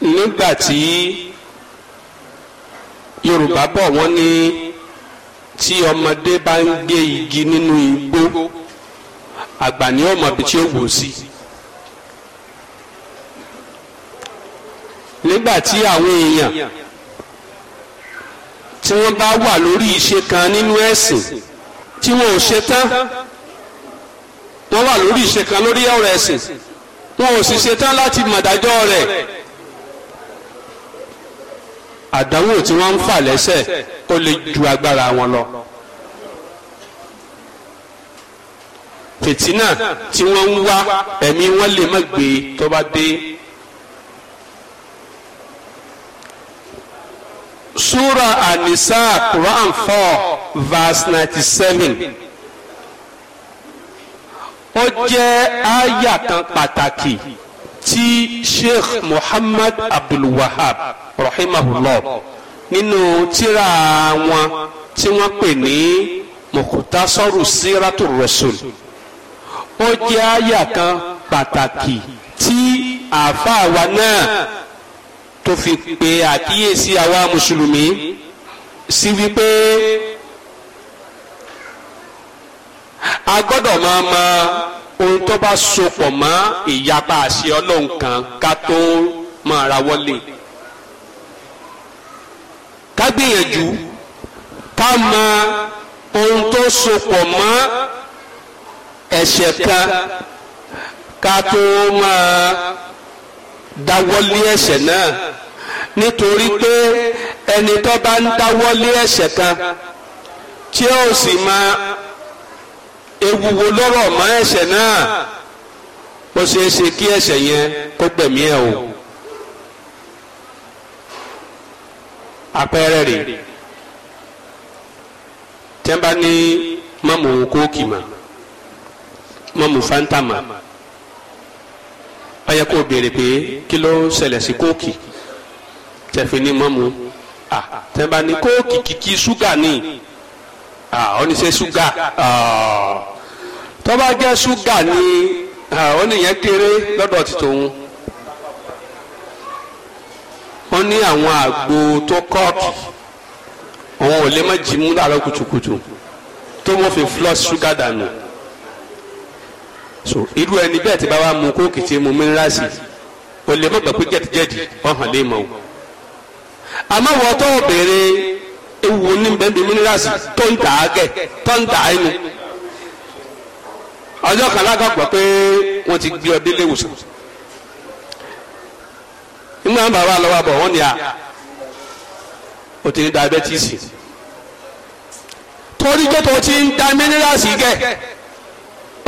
nígbà tí Yorùbá bọ̀ wọ́n ní tí ọmọdé bá ń gé igi nínú igbó àgbà ni ọmọ ibi tí ó wò sí. nígbà tí àwọn èèyàn tí wọ́n bá wà lórí ìṣe kan nínú ẹ̀sìn tí wọn ò ṣe tán wọ́n wà lórí ìṣe kan lórí ọ̀rọ̀ ẹ̀sìn wọn ò sì ṣe tán láti mọ̀dájọ́ rẹ̀ àdánwò tí wọ́n ń fà lẹ́sẹ̀ kó lè ju agbára wọn lọ. fìtínà tí wọ́n ń wá ẹ̀mí wọn lè má gbé tó bá dé. Surah An-Nisa Quran four verse ninety seven ó jẹ́ àyà kan pàtàkì. pàtàkì ti sheikh muhammad abdulwahab rahimahullah nínú tírà wọn tí wọ́n pè ní mukutasoru siratu rasul ó jẹ́ àyà kan pàtàkì tí àáfàá wa náà tó fi pe àkíyèsí àwa mùsùlùmí sí wípé a gbọ́dọ̀ máa máa ohun tó bá sopọ̀ mọ́ ìyapa àṣẹ ọlọ́run kan ká tó máa ra wọlé ká gbìyànjú ká mọ ohun tó sopọ̀ mọ́ ẹ̀ṣẹ̀ kan ká tó máa dáwọ́lé ẹ̀ṣẹ̀ náà nítorí pé ẹni tó bá ń dáwọ́lé ẹ̀ṣẹ̀ kan tí ó sì máa ewu wo lọ́rọ̀ mọ́ ẹ̀ṣẹ̀ náà ó ṣeé ṣe kí ẹ̀ṣẹ̀ yẹn kó gbẹ̀mí ẹ̀ o. àpẹẹrẹ rẹ̀ tí wọ́n bá ní mọ́mù kóòkì mà mọ́mù fanta mà ó yẹ kó béèrè pé kí ló ń ṣẹlẹ̀ sí kóòkì tẹ̀fín ní mọ́mù à ní kóòkì kìkì ṣúgà ni. Ah, ah, ní se suga, tó bá suga ṣúgà ni ó nìyẹn kéré lọ́dọ̀ ti tòun wọ́n ní àwọn àgbo tó kọ́ọ̀kì àwọn ò lè má jí mú láàárọ̀ kùtùkùtù tó wọ́n fi flush ṣúgà dànù so irú ẹni bẹ́ẹ̀ ti bá wa mu kóòkì tí mu mínírààsì ò lè má gbà pé jẹ̀díjẹ̀dí lè mọ̀ o àmọ́ wọ́n tó béèrè ewu ní bẹ́ẹ̀ni mínírààsì tó ń tà á kẹ̀ tó ń tà á inú. ọjọ́ kan lágbàgbọ́ pé wọ́n ti gbé ọdẹ léwòsàn. inú àwọn bàbá lọ́wọ́ bọ̀ wọ́n ní a ó ti ní diabetics. torí pé tó ti ń ta mínírààsì kẹ̀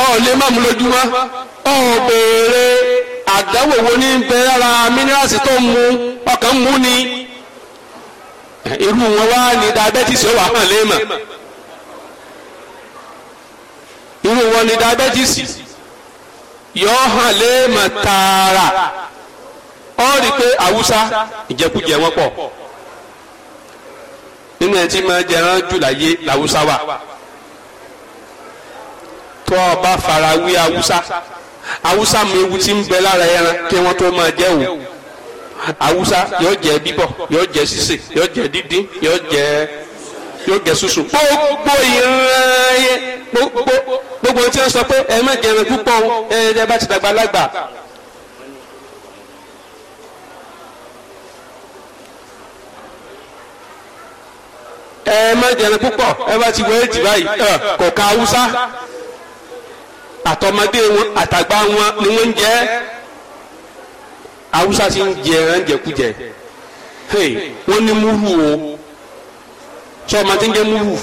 ọ̀ lè má mú lójúmọ́ ọ̀ béèrè àdáwò wo ní bẹ́ẹ̀ rárá mínírààsì tó ń mu ọkàn mú ni irú wọn wá ní diabetes ó wà hàn léèmọ̀ irú wọn ní diabetes yóò hàn léèmọ̀ tààrà ó rí i pé Haúsá ìjẹkújẹ wọn pọ̀ nínú ẹni tí máa jẹran jù láyé làwùsá wà tó o bá fara wí Haúsá Haúsá mi ewu ti ń bẹ lára ẹran kí wọ́n tó máa jẹ́ òun awusa yóò jẹ bíbọ̀ yóò jẹ sísè yóò jẹ dídín yóò jẹ yóò jẹ susu. gbogbo ìran yẹn gbogbo gbogbo tí wọn sọ pé ẹ má jẹrẹ púpọ̀ ẹ ẹ bá ti dàgbà lágbà. ẹ má jẹrẹ púpọ̀ ẹ bá ti wọ èjì báyìí kọ̀ọ̀ka awusa àtọmọdé wọn àtàgbà wọn ni wọn ń jẹ ẹ awusa ti ń jẹ ẹran jẹkújẹ hey wọ́n ní múrù o sọ ma ti ń jẹ múrù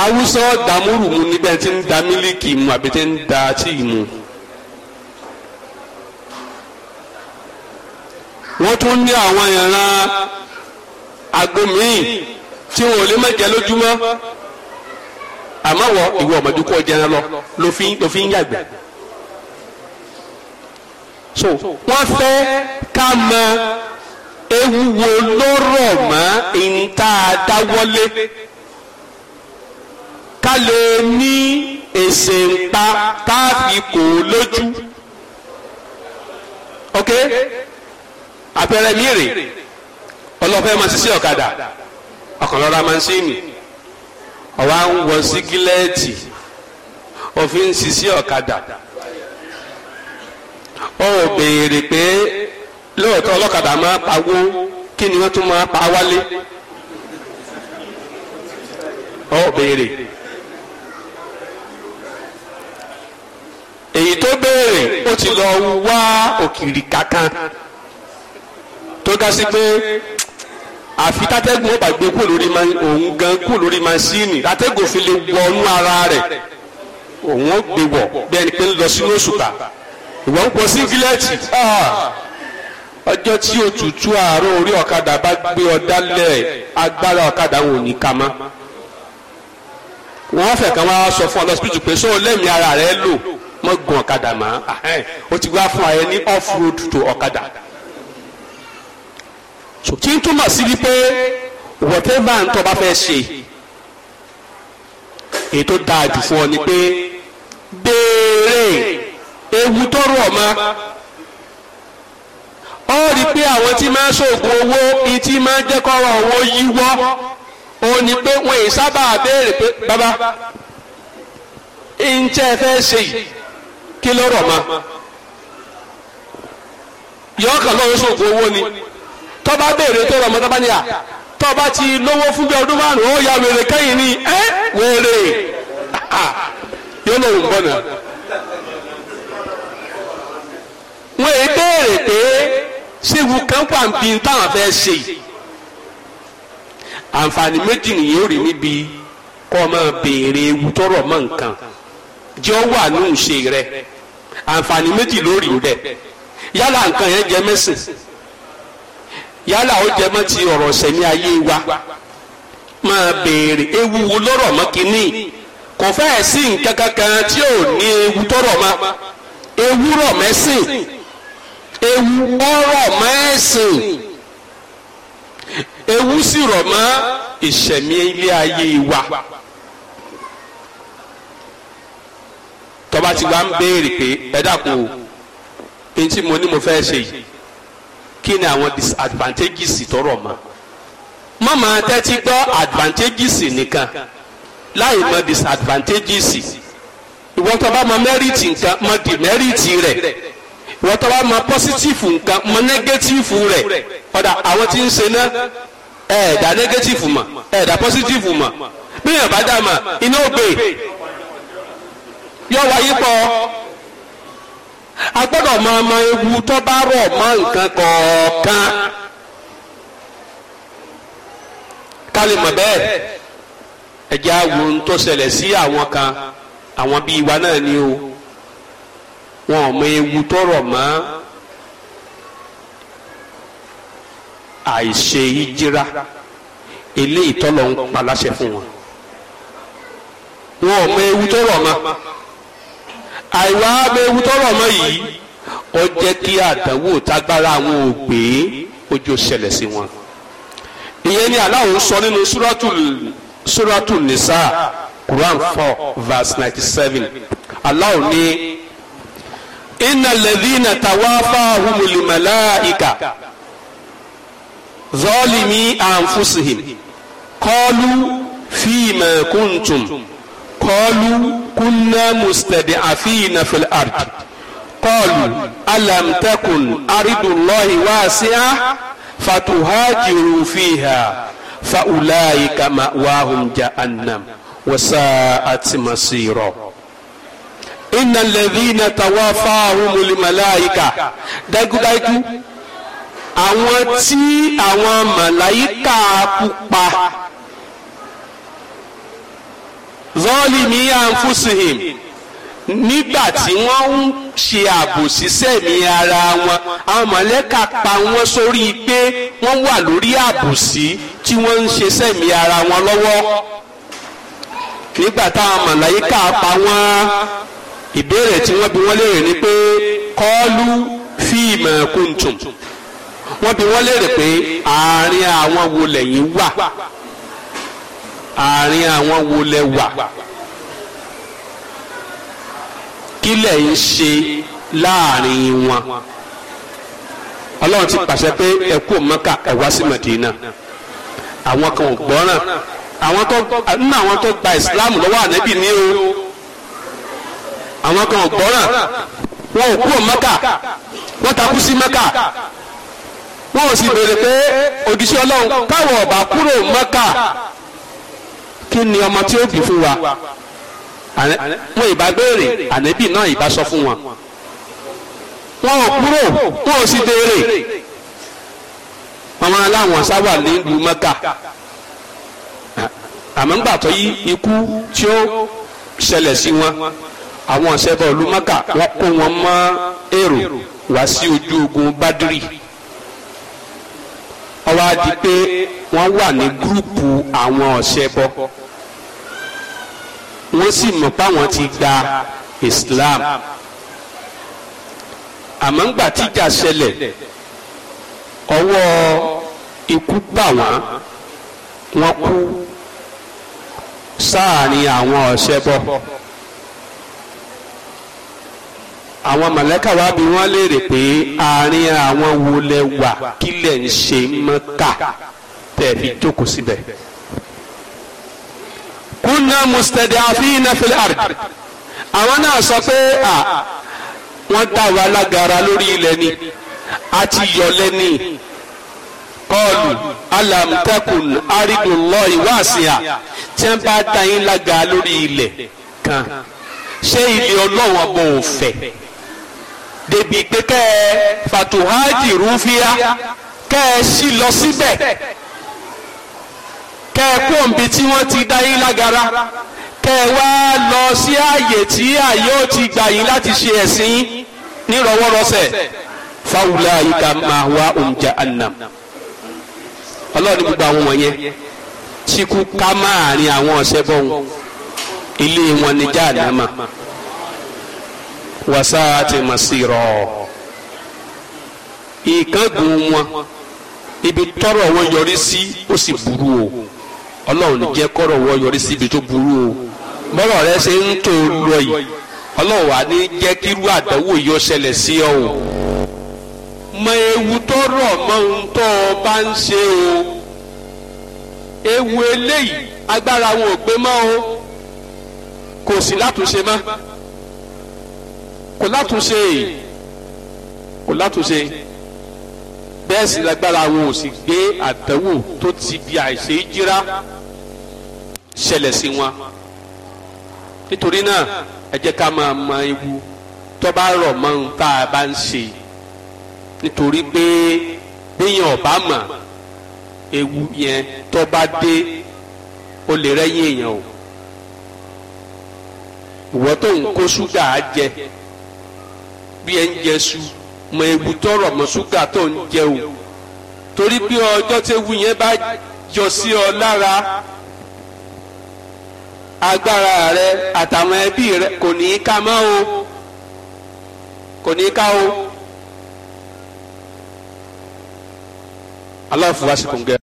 awusa damuru mu níbẹ̀ tí ń da mílíkì mu àbí tí ń da tíì mu wọ́n tún ní àwọn ìran agomi tí wọn ò lè má jẹ lójúmọ́ àmọ́ wọ ìwọ ọmọdé kọ́ lọ ló fi ló fi ń yàgbẹ́ so wọ́n fẹ́ ká mọ ewu wo ló rọ̀ mọ́ ìta dáwọ́lé ká lè ní èsè ń pa tá a fi kò lójú ok àpẹẹrẹ mi rè ọlọ́fẹ́ máa ṣiṣẹ́ ọ̀kadà ọkàn lọ́ra máa ń ṣe é nìyí ọ̀wá ń wọ sígílẹ́ẹ̀tì òfin sisi ọ̀kadà ó béèrè pé lóòótọ́ ọlọ́kadà máa pawó kí ni wọ́n tún máa pa wálé ó béèrè èyí tó béèrè ó ti lọ wá òkìrì kankan tó ga sí pé àfi tátẹ́gùn ó bá gbé kú lórí ma òun gan kú lórí masíìnì tátẹ́gùn fi lè wọnú ara rẹ̀ òun ó gbé wọ̀ bí ẹni pé ń lọ sínú òṣùpá ìwọ ń pọ̀ síngílẹ́ẹ̀tì ah! ọjọ́ tí òtútù àárọ̀ orí ọ̀kadà bá gbé ọ dálẹ̀ agbára ọ̀kadà wò ní ká má wọ́n fẹ́ kàn wá sọ fún ọ lọ́sibítù pé sọ lẹ́mìí ara rẹ lò mọ́ gun ọ̀kadà mọ́ ah, ó ti wá fún ẹ ní off road to ọ̀kadà so kí n túmọ̀ sí wípé whatever ń tó bá fẹ́ ṣe èyí tó dáa jù fún ọ ni pé béèrè ewu tó rọ̀ ọ́ ma ó rí i pé àwọn tí máa ń ṣoògùn owó iye tí máa ń jẹ́ kọ́rọ̀ owó yíwọ́ ó ní pé wọn ì sábà béèrè pé bàbá ìǹtẹ́ fẹ́ ṣe yìí kí ló rọ̀ ma yọ̀ọ́ lọ́wọ́ ṣoògùn owó ni tọ́ba béèrè tó rọ̀ mọ́tọ́ba níyà tọ́ba ti lówó fún bí ọdún márùn-ún ó ya wèrè kẹ́yìn ni ẹ́ wèrè yóò lòun bọ̀ náà. wọ́n èyí béèrè pé ṣéwu kan wà bí táwọn fẹ́ ṣe àǹfààní méjì nìyẹn ò rí níbi kọ́ ọ máa béèrè ewu tọrọ mọ́ nǹkan jẹ́ ọ wà ní ìṣe rẹ àǹfààní méjì lórí rẹ yálà nǹkan yẹn jẹ mẹ́sìn yálà ó jẹ mọ́ ti ọ̀rọ̀ sẹ̀mí ayé wa máa béèrè ewu wo lọ́rọ̀ mọ́ kínní kò fẹ́ẹ̀ sí nǹkan kankan tí ò ní ewu tọ́rọ̀ mọ́ ewu rọ̀ mẹ́sìn ewu ọ̀rọ̀ mẹ́sìn ewu sì rọ̀ mọ́ ìṣẹ̀mí ilé ayé wa. tọ́ba ti wá ń béèrè pé ẹ dákun o èyí tí ní mo fẹ́ ṣe yìí kí ni àwọn disadvantages tọrọ mọ́ má máa tẹ́tí gbọ́ advantages nìkan láì mọ̀ disadvantages ìwọ tó bá mọ̀ merit nǹkan mọ̀ demerit rẹ̀ ìwọ tó bá mọ̀ positive nǹkan mọ̀ negative rẹ̀ ọ̀dà àwọn tí ń ṣe náà ẹ̀ẹ̀dà negative mọ̀ ẹ̀ẹ̀dà positive mọ̀ bíyànjú bá dà mọ̀ iná ògbè yọ wáyé pọ̀ a gbọ́dọ̀ mọ ọmọ ewu tó bá rọ̀ mọ́ nǹkan kọ̀ọ̀kan ká lè mọ̀ bẹ́ẹ̀ ẹ̀jẹ̀ àwọn ohun tó ṣẹlẹ̀ sí àwọn kan àwọn bíi wa náà ni o wọn ò ewu tó rọ̀ mọ́ àìṣe hijira eléyìí tọ́lọ̀ ń pa fún wọn wọn ò ewu tó rọ̀ mọ́ àìwá ewu tọrọ mọ yìí ó jẹ́ kí àdánwò tágbára àwọn ògbé ojú ṣẹlẹ̀ sí wọn ìyẹn ni Allah ń sọ nínú suratul suratul nisa quran four verse ninety seven Allah ní inna ladhina tawafahumul malaika zalimi anfusihim qalu fima kuntum. قالوا كنا مستضعفين في الأرض قالوا ألم تكن أرض الله واسعة فتهاجروا فيها فأولئك مأواهم جهنم وساءت مصيرا إن الذين توافاهم الملائكة دايكو àwọn tí àwọn màláyíkà pupa zọ́ọ̀lìmí àǹfùsìhìm nígbà tí wọ́n ń ṣe àbòsí sẹ́mi ara wọn àwọn mọ̀lẹ́kà pa wọ́n sórí pé wọ́n wà lórí àbòsí tí wọ́n ń ṣe sẹ́mi ara wọn lọ́wọ́ nígbà táwọn mọ̀lẹ́kà pa wọ́n ìbéèrè tí wọ́n bi wọ́n léèrè ni pé kọ́ọ́lù fíìmù kùntùm wọ́n bi wọ́n léèrè pé àárín àwọn wo lẹ́yìn wà. àárín àwọn wo lẹ wà kí n ń ṣe láàrin wọn Ọlọrun ti pàṣẹ pé ẹ kú mọ́kà ẹ wá sí àwọn kan ò àwọn tó nínú àwọn tó gba ìsìláàmù lọwọ ànábì ní o àwọn kan ò gbọ́ràn wọn ò kú mọ́kà wọ́n takú sí mọ́kà wọn ò sì pé kúrò kí ni ọmọ tí ó bí fún wa wọn ìbá béèrè ànábì náà ìbá sọ fún wọn wọn ò kúrò wọn ò sì béèrè ọmọ aláwọn sáwà nílùú mẹ́kà àmọ́ ńgbà tó yí ikú tí ó ṣẹlẹ̀ sí wọn àwọn ọ̀sẹ̀bọ̀ ìlú mẹ́kà wọ́n kó wọn mọ́ èrò wá sí ojú ogun bádìrì ó wá pé wọ́n wà ní gúrùpù àwọn ọ̀sẹ̀bọ̀ wọ́n sì mọ̀ páwọn ti gba Islam àmọ́ ńgbà tíjà ṣẹlẹ̀ ọwọ́ ikú bà wọ́n wọ́n kú sáàárín àwọn ọ̀ṣẹ́bọ àwọn mọ̀lẹ́kà wá bí wọ́n léèrè pé àárín àwọn wo lẹ wà kílẹ̀ ń ṣe mọ́kà tẹ̀ fi jókòó síbẹ̀. Si kúnná mustad'afina fil ard àwọn náà sọ pé à wọ́n dá wa lágara lórí ilẹ̀ ni a ti yọ̀lẹ́ ni qalu alam takun aridullahi wasi'a tí wọ́n bá dá yín lágara lórí ilẹ̀ kan ṣé ilé ọlọ́wọ́n bò ó fẹ̀ débi pé kẹ́ ẹ fatuhajiru fiha kẹ́ ẹ sì lọ síbẹ̀ kẹ́ẹ̀kú òǹbi tí wọ́n ti dá yín lágara kẹ́ẹ̀wá lọ sí ààyè tí ààyè ó ti gbà yín láti ṣe ẹ̀sìn nírọwọ́rọsẹ̀ fáwùlà ìka máa wá oúnjẹ àná ọlọ́run ní gbogbo àwọn wọ̀nyẹn síkú ká máa rin àwọn ọ̀sẹ̀ bọ́hùn ilé wọn ní jáàdámà wàsá ti mọ̀ sí rọ̀ ìkángun wọn ibi tọ́rọ̀ wọn yọrí sí ó sì burú o ọlọ́run ní jẹ́ kọ́rọ̀ wọ yọrí síbi tó burú o bọ́rọ̀ rẹ ṣe ń tó lọ yìí ọlọ́run wà ní jẹ́ kírú àdánwò yọ ṣẹlẹ̀ sí ọ o mọ ewu tó rọ̀ mọ ohun tó o bá ń ṣe o ewu eléyìí agbára wọn ò pé mọ́ o kò sí látúnṣe mọ́ kò látúnṣe kò látúnṣe bẹ́ẹ̀ sì lágbára àwọn ò sì gbé àdánwò tó ti di àìṣe jíra ṣẹlẹ̀ sí wọn nítorí náà ẹ jẹ́ ká máa mọ ewu tó bá rọ̀ mọ́ ohun tá a bá ń ṣe nítorí pé béèyàn ò bá mọ̀ ewu yẹn tó bá dé ó lè rẹ́yìn èèyàn o ìwọ tó ń kó ṣúgà á jẹ bí ẹ ń jẹ ṣu mọ ewu tọrọ mọ ṣúgà tó ń jẹ o torí bí ọjọ́ tí ewu yẹn bá jọ sí ọ lára agbára rẹ àtàwọn ẹbí rẹ kò ní í ká mọ́ o kò ní í ká o. aláwọ̀ fún wa sí kò ń gẹ.